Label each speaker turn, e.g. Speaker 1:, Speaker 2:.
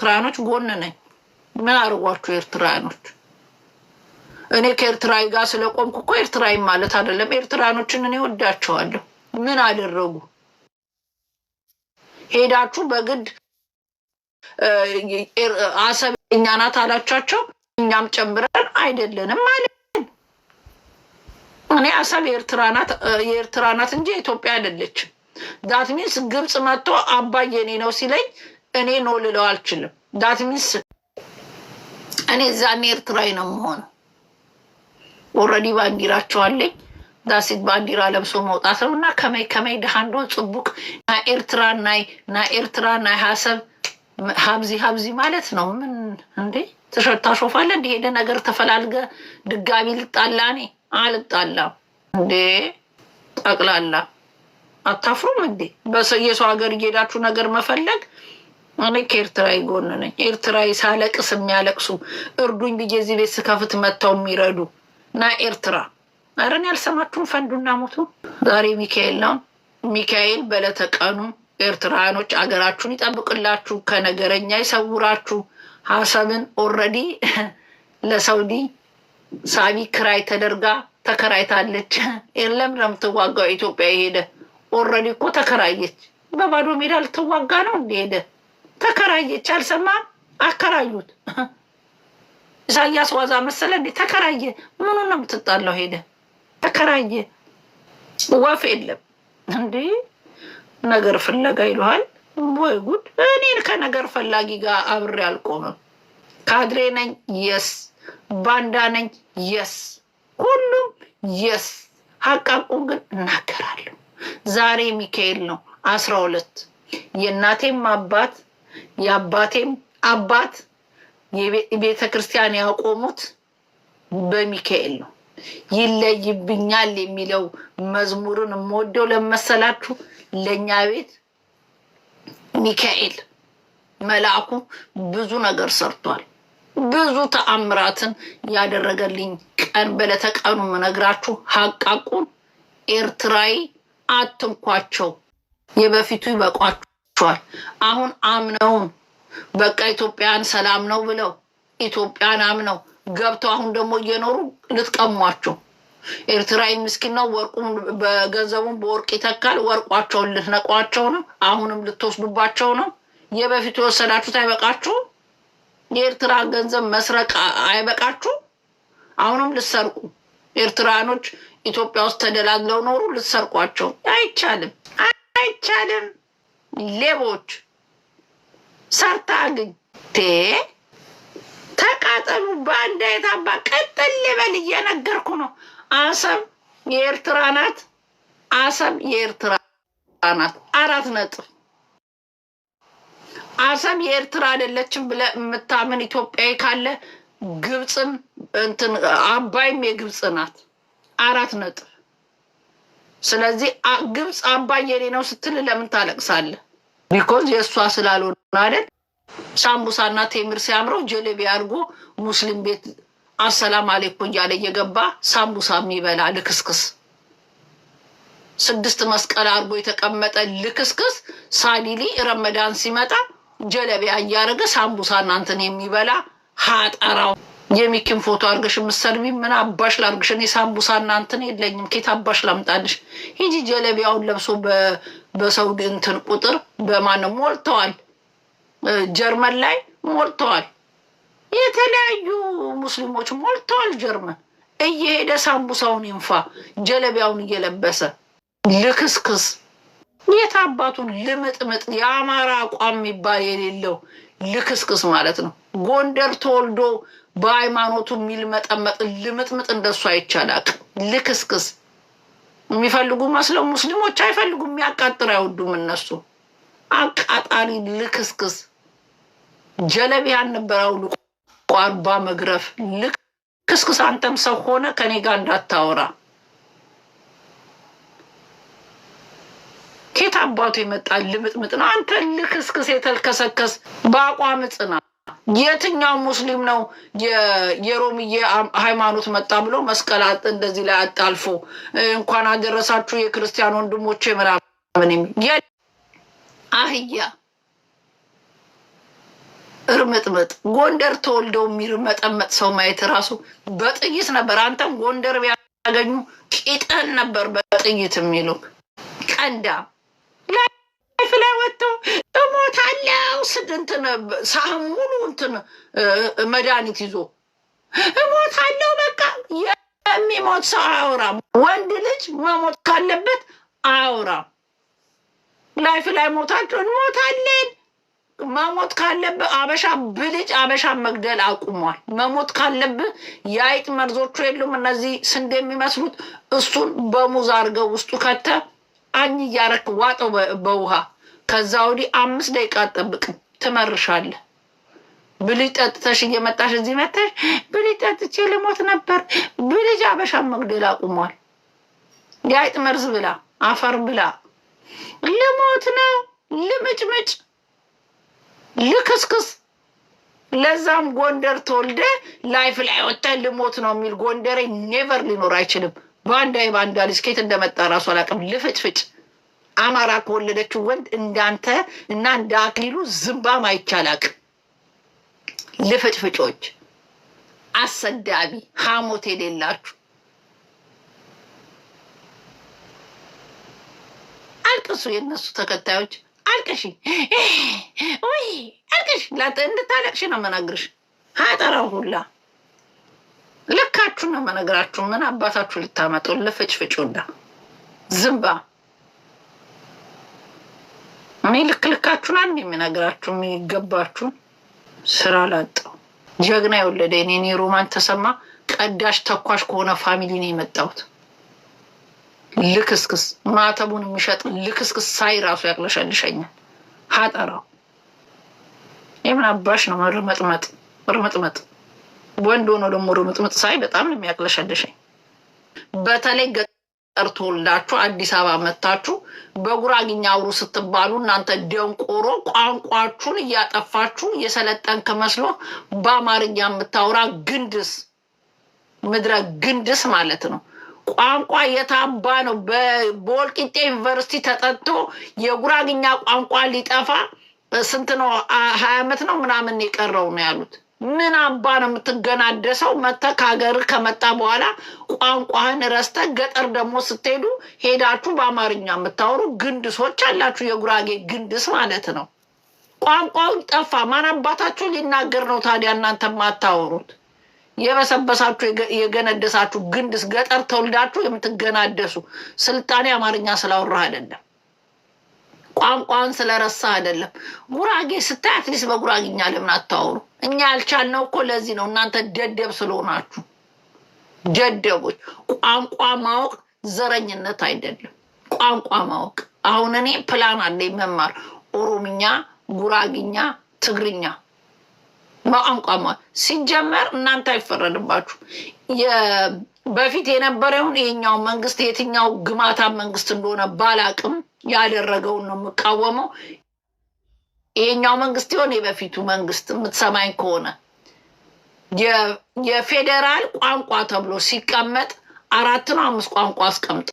Speaker 1: ኤርትራኖች ጎን ነኝ። ምን አርጓችሁ ኤርትራኖች? እኔ ከኤርትራዊ ጋር ስለቆምኩ እኮ ኤርትራዊ ማለት አይደለም። ኤርትራኖችን እኔ ወዳቸዋለሁ። ምን አደረጉ? ሄዳችሁ በግድ አሰብ እኛ ናት አላቻቸው። እኛም ጨምረን አይደለንም ማለት እኔ አሰብ የኤርትራ ናት እንጂ የኢትዮጵያ አይደለችም። ዳት ሚንስ ግብፅ መጥቶ አባይ የኔ ነው ሲለኝ እኔ ኖ ልለው አልችልም። ዳት ሚንስ እኔ እዛኔ ኤርትራዊ ነው መሆኑ። ኦልሬዲ ባንዲራቸው አለኝ። ዳሴት ባንዲራ ለብሶ መውጣት ነው እና ከመይ ከመይ ድሃ እንደሆን ጽቡቅ ና ኤርትራ ናይ ና ኤርትራ ናይ ሀሰብ ሀብዚ ሀብዚ ማለት ነው። ምን እንዴ ትሸታ ሾፋለ እንዲ ሄደ ነገር ተፈላልገ ድጋሚ ልጣላ እኔ አልጣላም እንዴ ጠቅላላ አታፍሩም እንዴ? የሰው ሀገር እየሄዳችሁ ነገር መፈለግ እኔ ከኤርትራዊ ጎን ነኝ። ኤርትራዊ ሳለቅስ የሚያለቅሱ እርዱኝ ብዬ እዚህ ቤት ስከፍት መጥተው የሚረዱ ና ኤርትራ አረን ያልሰማችሁም ፈንዱና ሞቱ። ዛሬ ሚካኤል ነው። ሚካኤል በለተቀኑ ኤርትራያኖች ኤርትራውያኖች አገራችሁን ይጠብቅላችሁ፣ ከነገረኛ ይሰውራችሁ። ሀሰብን ኦልሬዲ ለሳውዲ ሳቢ ክራይ ተደርጋ ተከራይታለች። የለም ለምትዋጋው ኢትዮጵያ የሄደ ኦልሬዲ እኮ ተከራየች። በባዶ ሜዳ ልትዋጋ ነው እንደሄደ ተከራየች። አልሰማም? አከራዩት። ኢሳያስ ዋዛ መሰለ እንዴ? ተከራየ። ምኑ ነው የምትጣለው? ሄደ ተከራየ። ወፍ የለም እንዴ? ነገር ፍለጋ ይለሃል። ወይ ጉድ! እኔን ከነገር ፈላጊ ጋር አብሬ አልቆምም። ካድሬ ነኝ የስ፣ ባንዳ ነኝ የስ፣ ሁሉም የስ። ሀቃቁን ግን እናገራለሁ። ዛሬ ሚካኤል ነው አስራ ሁለት የእናቴም አባት የአባቴም አባት የቤተ ክርስቲያን ያቆሙት በሚካኤል ነው። ይለይብኛል የሚለው መዝሙርን የምወደው ለመሰላችሁ ለእኛ ቤት ሚካኤል መልአኩ ብዙ ነገር ሰርቷል። ብዙ ተአምራትን ያደረገልኝ ቀን በለተቀኑ ቀኑ ሀቃቁን ኤርትራዊ አትንኳቸው፣ የበፊቱ ይበቋቸው። ተሰጥቷል። አሁን አምነውን በቃ ኢትዮጵያን ሰላም ነው ብለው ኢትዮጵያን አምነው ገብተው አሁን ደግሞ እየኖሩ ልትቀሟቸው ኤርትራዊ ምስኪን ነው ወርቁም በገንዘቡን በወርቅ ይተካል። ወርቋቸውን ልትነቋቸው ነው። አሁንም ልትወስዱባቸው ነው። የበፊቱ የወሰዳችሁት አይበቃችሁ? የኤርትራ ገንዘብ መስረቅ አይበቃችሁ? አሁንም ልትሰርቁ ኤርትራኖች ኢትዮጵያ ውስጥ ተደላድለው ኖሩ። ልትሰርቋቸው አይቻልም፣ አይቻልም። ሌቦች ሰርታ አግኝ ተቃጠሉ። በአንድ አይታባ ቀጥል ልበል እየነገርኩ ነው። አሰብ የኤርትራ ናት። አሰብ የኤርትራ ናት። አራት ነጥብ። አሰብ የኤርትራ አይደለችም ብለህ የምታምን ኢትዮጵያዊ ካለ ግብፅም እንትን አባይም የግብፅ ናት። አራት ነጥብ ስለዚህ ግብፅ አባይ የኔ ነው ስትል ለምን ታለቅሳለህ? ቢኮዝ የእሷ ስላልሆነ አይደል? ሳምቡሳና ቴምር ሲያምረው ጀሌቢ አድርጎ ሙስሊም ቤት አሰላም አሌኮ እያለ እየገባ ሳምቡሳ የሚበላ ልክስክስ፣ ስድስት መስቀል አድርጎ የተቀመጠ ልክስክስ ሳሊሊ ረመዳን ሲመጣ ጀለቢያ እያደረገ ሳምቡሳ እናንትን የሚበላ ሀጠራው የሚኪን ፎቶ አርገሽ የምትሰልቢ ምን አባሽ ላርግሽ? እኔ ሳምቡሳ እናንትን የለኝም። ኬት አባሽ ላምጣልሽ? ሂጂ ጀለቢያውን ለብሶ በሰው እንትን ቁጥር በማን ሞልተዋል። ጀርመን ላይ ሞልተዋል። የተለያዩ ሙስሊሞች ሞልተዋል። ጀርመን እየሄደ ሳምቡሳውን ይንፋ ጀለቢያውን እየለበሰ ልክስክስ የት አባቱን ልምጥምጥ የአማራ አቋም የሚባል የሌለው ልክስክስ ማለት ነው። ጎንደር ተወልዶ በሃይማኖቱ የሚልመጠመጥ ልምጥምጥ እንደሱ አይቻላል። ልክስክስ የሚፈልጉ መስለው ሙስሊሞች አይፈልጉም። የሚያቃጥር አይወዱም እነሱ። አቃጣሪ ልክስክስ ጀለቢያን ነበር አውልቆ ቋርባ መግረፍ ልክስክስ። አንተም ሰው ሆነ ከኔ ጋር እንዳታወራ። ኬት አባቱ የመጣ ልምጥምጥ ነው። አንተ ልክስክስ የተልከሰከስ በአቋም ጽና። የትኛው ሙስሊም ነው የሮምዬ ሃይማኖት መጣ ብሎ መስቀላት እንደዚህ ላይ አጣልፎ እንኳን አደረሳችሁ የክርስቲያን ወንድሞች ምናምን አህያ እርምጥምጥ ጎንደር ተወልደው የሚርመጠመጥ ሰው ማየት ራሱ በጥይት ነበር። አንተም ጎንደር ቢያገኙ ቂጥህን ነበር በጥይት የሚሉ ቀንዳ ላይፍ ላይ ወጥተው መላው ስድ እንትን ሳህን ሙሉ እንትን መድኃኒት ይዞ እሞታለሁ በቃ የሚሞት ሰው አያወራም። ወንድ ልጅ መሞት ካለበት አያወራም። ላይፍ ላይ ሞታቸው እንሞታለን። መሞት ካለብህ አበሻ ብልጭ አበሻ መግደል አቁሟል። መሞት ካለብህ የአይጥ መርዞቹ የሉም እነዚህ ስንዴ የሚመስሉት እሱን በሙዝ አድርገው ውስጡ ከተ አኝ እያረክ ዋጠው በውሃ ከዛ ወዲህ አምስት ደቂቃ ጠብቅ ትመርሻለ። ብልጅ ጠጥተሽ እየመጣሽ እዚህ መተሽ ብልጅ ጠጥቼ ልሞት ነበር። ብልጅ አበሻ መግደል አቁሟል። የአይጥ መርዝ ብላ አፈር ብላ ልሞት ነው ልምጭምጭ ልክስክስ። ለዛም ጎንደር ተወልደ ላይፍ ላይ ወጣ ልሞት ነው የሚል ጎንደሬ ኔቨር ሊኖር አይችልም። ባንዳይ ባንዳ ስኬት እንደመጣ ራሱ አላውቅም። ልፍጭፍጭ አማራ ከወለደችው ወንድ እንዳንተ እና እንደ አክሊሉ ዝምባም አይቻላቅ ልፍጭፍጮች፣ አሰዳቢ፣ ሀሞት የሌላችሁ አልቅሱ። የእነሱ ተከታዮች አልቅሺ፣ ወይ አልቅሽ፣ እንድታለቅሽ ነው መናግርሽ። ሀጠራው ሁላ ልካችሁ ነው መነግራችሁ። ምን አባታችሁ ልታመጡ ልፍጭፍጩና ዝምባ እኔ ልክ ልካችሁን አንድ የሚነግራችሁ የሚገባችሁ ስራ ላጣው ጀግና የወለደ እኔ ሮማን ተሰማ ቀዳሽ ተኳሽ ከሆነ ፋሚሊ ነው የመጣሁት። ልክስክስ ማተቡን የሚሸጥ ልክስክስ ሳይ ራሱ ያቅለሸልሸኛል። ሀጠራው የምን አባሽ ነው ርመጥመጥ ርመጥመጥ ወንድ ሆኖ ደግሞ ርምጥመጥ ሳይ በጣም ነው የሚያቅለሸልሸኝ በተለይ ጠርቶላችሁ አዲስ አበባ መታችሁ በጉራግኛ አውሩ ስትባሉ እናንተ ደንቆሮ ቋንቋችሁን እያጠፋችሁ የሰለጠንክ መስሎ በአማርኛ የምታወራ ግንድስ ምድረ ግንድስ ማለት ነው። ቋንቋ የታባ ነው። በወልቂጤ ዩኒቨርሲቲ ተጠጥቶ የጉራግኛ ቋንቋ ሊጠፋ ስንት ነው? ሀያ ዓመት ነው ምናምን የቀረው ነው ያሉት። ምን አምባ ነው የምትገናደሰው? መተ ከሀገር ከመጣ በኋላ ቋንቋህን ረስተ ገጠር ደግሞ ስትሄዱ ሄዳችሁ በአማርኛ የምታወሩ ግንድሶች አላችሁ። የጉራጌ ግንድስ ማለት ነው። ቋንቋው ጠፋ። ማን አባታችሁ ሊናገር ነው ታዲያ? እናንተ የማታወሩት የበሰበሳችሁ የገነደሳችሁ ግንድስ ገጠር ተወልዳችሁ የምትገናደሱ ስልጣኔ አማርኛ ስላወራህ አይደለም። ቋንቋን ስለረሳ አይደለም። ጉራጌ ስታይ አትሊስት በጉራጌኛ ለምን አታወሩ? እኛ ያልቻልነው እኮ ለዚህ ነው። እናንተ ደደብ ስለሆናችሁ፣ ደደቦች። ቋንቋ ማወቅ ዘረኝነት አይደለም። ቋንቋ ማወቅ አሁን እኔ ፕላን አለኝ መማር ኦሮምኛ፣ ጉራግኛ፣ ትግርኛ ቋንቋ ሲጀመር እናንተ አይፈረድባችሁ በፊት የነበረውን ይሄኛው መንግስት የትኛው ግማታ መንግስት እንደሆነ ባላቅም ያደረገውን ነው የምቃወመው። ይሄኛው መንግስት ይሆን የበፊቱ መንግስት? የምትሰማኝ ከሆነ የፌዴራል ቋንቋ ተብሎ ሲቀመጥ አራት ነው አምስት ቋንቋ አስቀምጠ